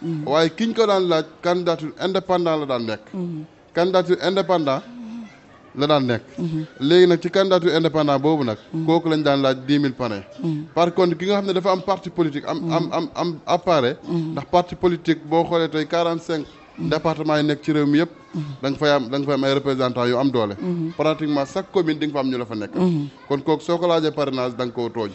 Mm-hmm. waaye ki ñu ko daan laaj candidature indépendant la daan nekk. Mm-hmm. candidature indépendant mm-hmm. la daan nekk. léegi nag ci candidature indépendant boobu nag. kooku lañ daan laaj dix mille parrain. par contre ki nga xam ne dafa am parti politique am am am am appareil. ndax parti politique boo xoolee tey quarante cinq. département yi nekk ci réew mi yëpp. da nga fay am da nga fay am ay représentants yu am doole. pratiquement chaque commune di nga fa la fa nekk. kon kooku soo ko laajee parrainage da nga koo tooj.